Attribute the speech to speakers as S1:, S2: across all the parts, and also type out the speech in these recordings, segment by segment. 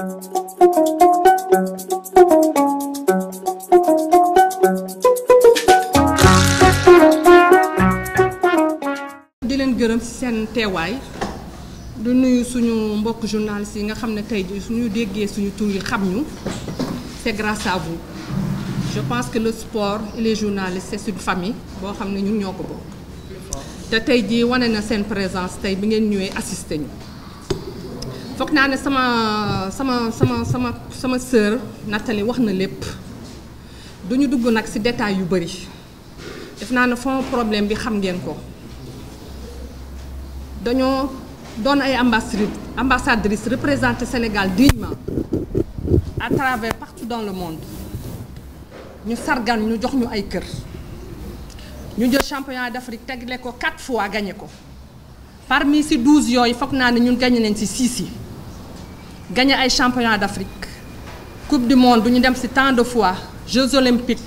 S1: di leen gërëm ci seen teewaay du nuyu suñu mbokk journaliste yi nga xam ne tey jii suñu déggee suñu tur yi xam ñu c'est grâce à vous je pense que le sport et les journalistes c'est une famille boo xam ne ñun ñoo ko bokk te tey jii wane na seen présence tey bi ngeen ñëwee assister ñu. foog naa ne sama sama sama sama sama sœur Nathalie wax na lépp du ñu dugg nag ci détail yu bari def naa ne fond problème bi xam ngeen ko dañoo doon ay ambassadrice ambassadrice représenter Sénégal dignement à travers partout dans le monde ñu sargan ñu jox ñu ay kër ñu jël championnat d'Afrique tegle ko quatre fois gagné ko parmi ci douze yooyu foog naa ne ñun gagné nañ ci six yi gagné ay championnat d'Afrique coupe du monde du ñu dem ci tant de fois Jeux olympiques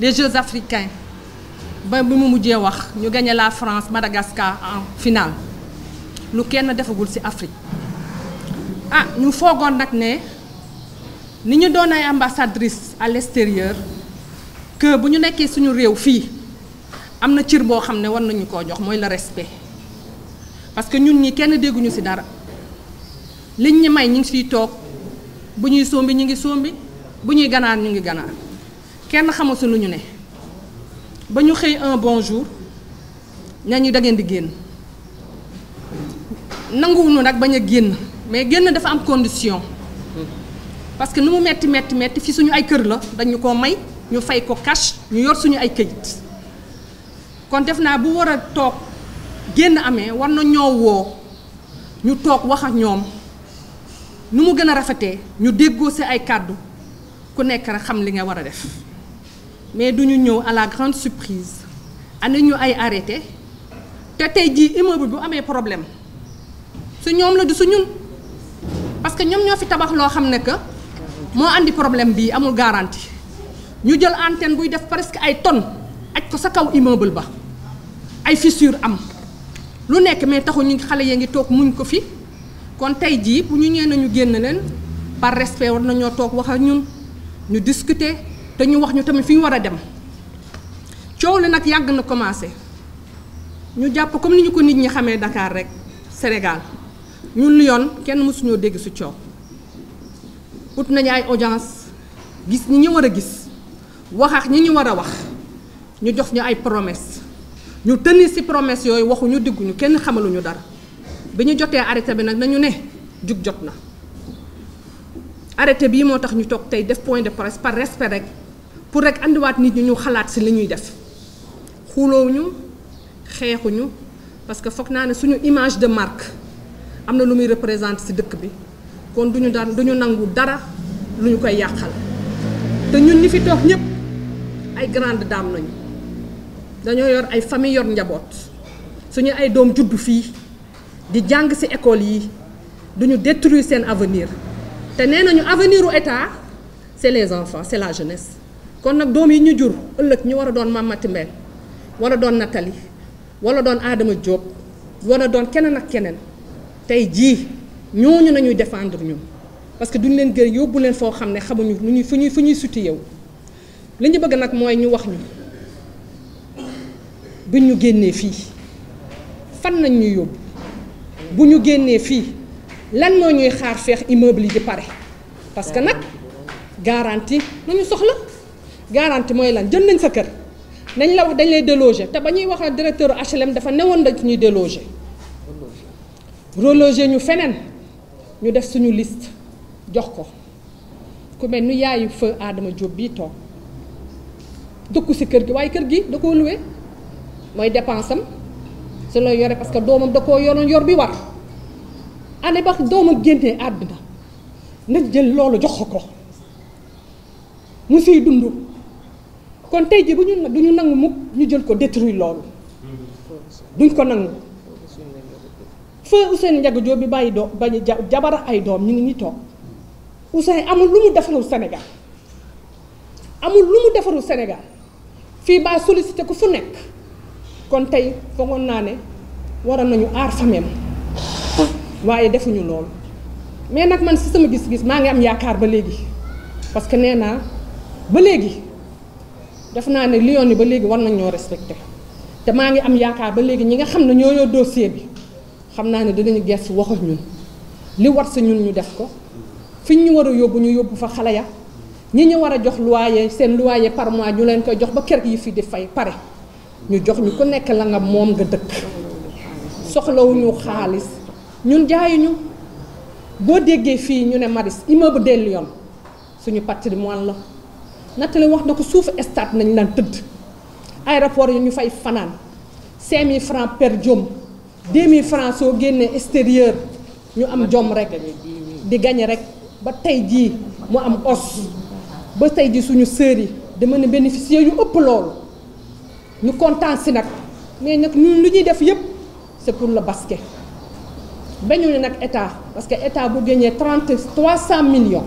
S1: les Jeux africains ba bi mu mujjee wax ñu gagné la France Madagascar en finale lu kenn defagul ci Afrique ah ñu foogoon nag ne ni ñu doon ay ambassadrice à l'extérieur que bu ñu nekkee suñu réew fii am na cir boo xam ne war nañu ko jox mooy la respect parce que ñun ñi kenn dégguñu ci dara. li ñu may ñu ngi siy toog bu ñuy sombi ñu ngi sombi bu ñuy ganaar ñu ngi ganaar kenn xamul si lu ñu ne ba ñu xëy un bon jour ñañu ñu ngeen di génn nanguwuñu nag bañ a génn mais génn dafa am condition parce que nu mu metti metti metti fi suñu ay kër la dañu ko may ñu fay ko cash ñu yor suñu ay këyit kon def naa bu war a toog génn amee war na ñoo ñu toog wax ak ñoom ni mu gën a rafetee ñu déggoo si ay kàddu ku nekk xam li nga war a def mais du ñu ñëw à la grande surprise andi ñu ay arrêté te tey jii immeuble bu amee problème su ñoom la du su ñun parce que ñoom ñoo fi tabax loo xam ne que moo indi problème bii amul garantie ñu jël antenne buy def presque ay tonnes aj ko sa kaw immeuble ba ay fissure am lu nekk mais taxu ñu xale yaa ngi toog muñ ko fi. kon tey jii bu ñu ñëwee nañu génn leen par respect war nañoo toog wax ak ñun ñu discuter te ñu wax ñu tamit fi ñu war a dem coow la nag yàgg na commencé ñu jàpp comme ni ñu ko nit ñi xamee Dakar rek Sénégal ñun Lyon kenn mësuñoo dégg si coow wut nañu ay audience gis ñi ñu war a gis waxaat ak ñi ñu war a wax ñu jox ñu ay promesse ñu tenir si promesse yooyu waxuñu digguñu kenn xamaluñu dara. bi ñu jotee arrêté bi nag nañu ne jug jot na arrêté bii moo tax ñu toog tey def point de presse par respect rek pour rek indiwaat nit ñi ñu xalaat si li ñuy def ñu xeexuñu parce que foog naa ne suñu image de marque am na lu muy représente si dëkk bi kon du duñu daan duñu nangu dara lu ñu koy yàqal te ñun ñi fi toog ñëpp ay grande dame nañu dañoo yor ay famille yor njaboot suñu ay doom juddu fii di jàng ci école yi duñu détruire seen avenir te nee nañu avenir u état c'est les enfants c'est la jeunesse kon nag doom yi ñu jur ëllëg ñu war a doon Mamati Mbène wala doon Nathalie wala doon Adama Diop wala doon keneen ak keneen tey jii ñooñu nañuy défendre ñu parce que duñ leen gër yóbbu leen foo xam ne xamuñu lu ñuy fu ñuy fu ñuy suti yow li ñu bëgg nag mooy ñu wax ñu bi ñu génnee fii fan nañ ñu yóbbu bu ñu génnee fii lan moo ñuy xaar feex immeuble yi di pare parce que nag garanti lu ñu soxla garanti mooy lan jën nañ sa kër nañ la wax dañ lay déloger te ba ñuy wax directeur HLM dafa newoon dañ ñuy déloger reloger ñu feneen ñu def suñu liste jox ko ku mel ni yaayu feu Adama Diop bii toog dëkku si kër gi waaye kër gi da koo mooy dépense am ci la yore parce que doomam da koo yoroon yor bi war année ba doomam génnee àdduna na jël loolu jox ko mu siy dund kon tey ji bu ñu du ñu nangu mukk ñu jël ko détruire loolu duñ ko nangu feu Ousseynou Ndiaga Diop bi bàyyi doom bañ jabara ay doom ñu ngi ñu toog Ousseynou amul lu mu defarul senegal amul lu mu defarul Sénégal fii baa sollicité ko fu nekk kon tey foogoon naa ne waroon nañu aar famem waaye defuñu loolu mais nag man si sama gis-gis maa ngi am yaakaar ba léegi parce que nee naa ba léegi def naa ne li yoon yi ba léegi war nañ ñoo respecté te maa ngi am yaakaar ba léegi ñi nga xam ne ñoo yor dossier bi xam naa ne dinañu gëstu wax ak li war sa ñun ñu def ko fi ñu waru a yóbbu ñu yóbbu fa xale ya ñi ñu war a jox loyer seen loyer par mois ñu leen koy jox ba kër yi fi di fay pare. ñu jox ñu ko nekk la nga moom nga dëkk soxlawuñu xaalis ñun jaayuñu boo déggee fii ñu ne Maris immeuble des Lions suñu patrimoine la Nathalie wax na ko suufu stade nañ naan tëdd aéroport yi ñu fay fanaan 5000 francs per jom 2000 francs soo génnee extérieur ñu am jom rek di gañe rek ba tey jii mu am os ba tey jii suñu sœurs yi dama ne bénéficier yu ëpp loolu ñu kontaan si nag mais nag lu ñuy def yëpp c'est pour le basket bañu ne nag état parce que état bu génnee trente trois cent millions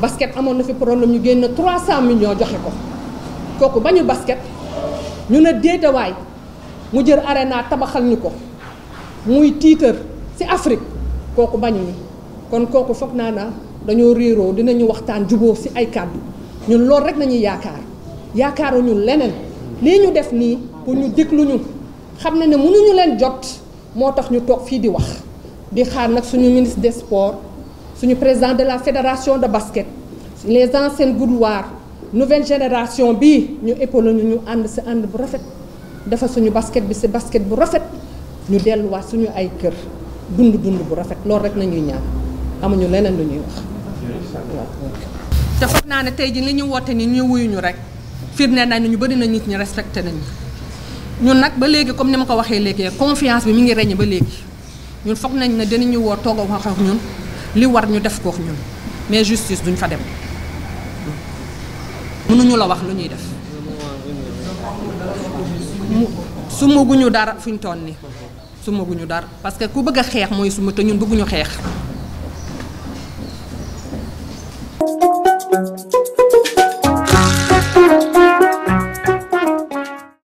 S1: basket amoon na fi problème ñu génn trois cent millions joxe ko kooku bañu basket ñu ne déetawaay mu jër arena tabaxal ñu ko muy tiitër si Afrique kooku bañu ni kon kooku foog naa na dañoo réeroo dinañu waxtaan juboo si ay kàddu ñun loolu rek nañuy yaakaar yaakaaruñu leneen lii ñu def nii pour ñu ñu xam na ne mënuñu leen jot moo tax ñu toog fii di wax di xaar nag suñu ministre des sports suñu président de la fédération de basket les anciennes gloires nouvelle génération bi ñu épaulé ñu ànd si ànd bu rafet dafa suñu basket bi si basket bu rafet ñu delluwaat suñu ay kër dund dund bu rafet loolu rek nañuy ñaan amuñu leneen lu ñuy wax. te foog naa ne tey jii li ñu woote ni ñu wuyuñu rek. fiir firnde nañ ñu bari na nit ñi respecté nañu ñun nag ba léegi comme ni ma ko waxee léegi confiance bi mu ngi reñ ba léegi ñun foog nañ ne dinañu woo toog wax ak ñun li war ñu def ko ñun mais justice duñ fa dem mënuñu la wax lu ñuy def sumaguñu dara fuñ toon ni sumaguñu dara parce que ku bëgg a xeex mooy suma te ñun bëgguñu xeex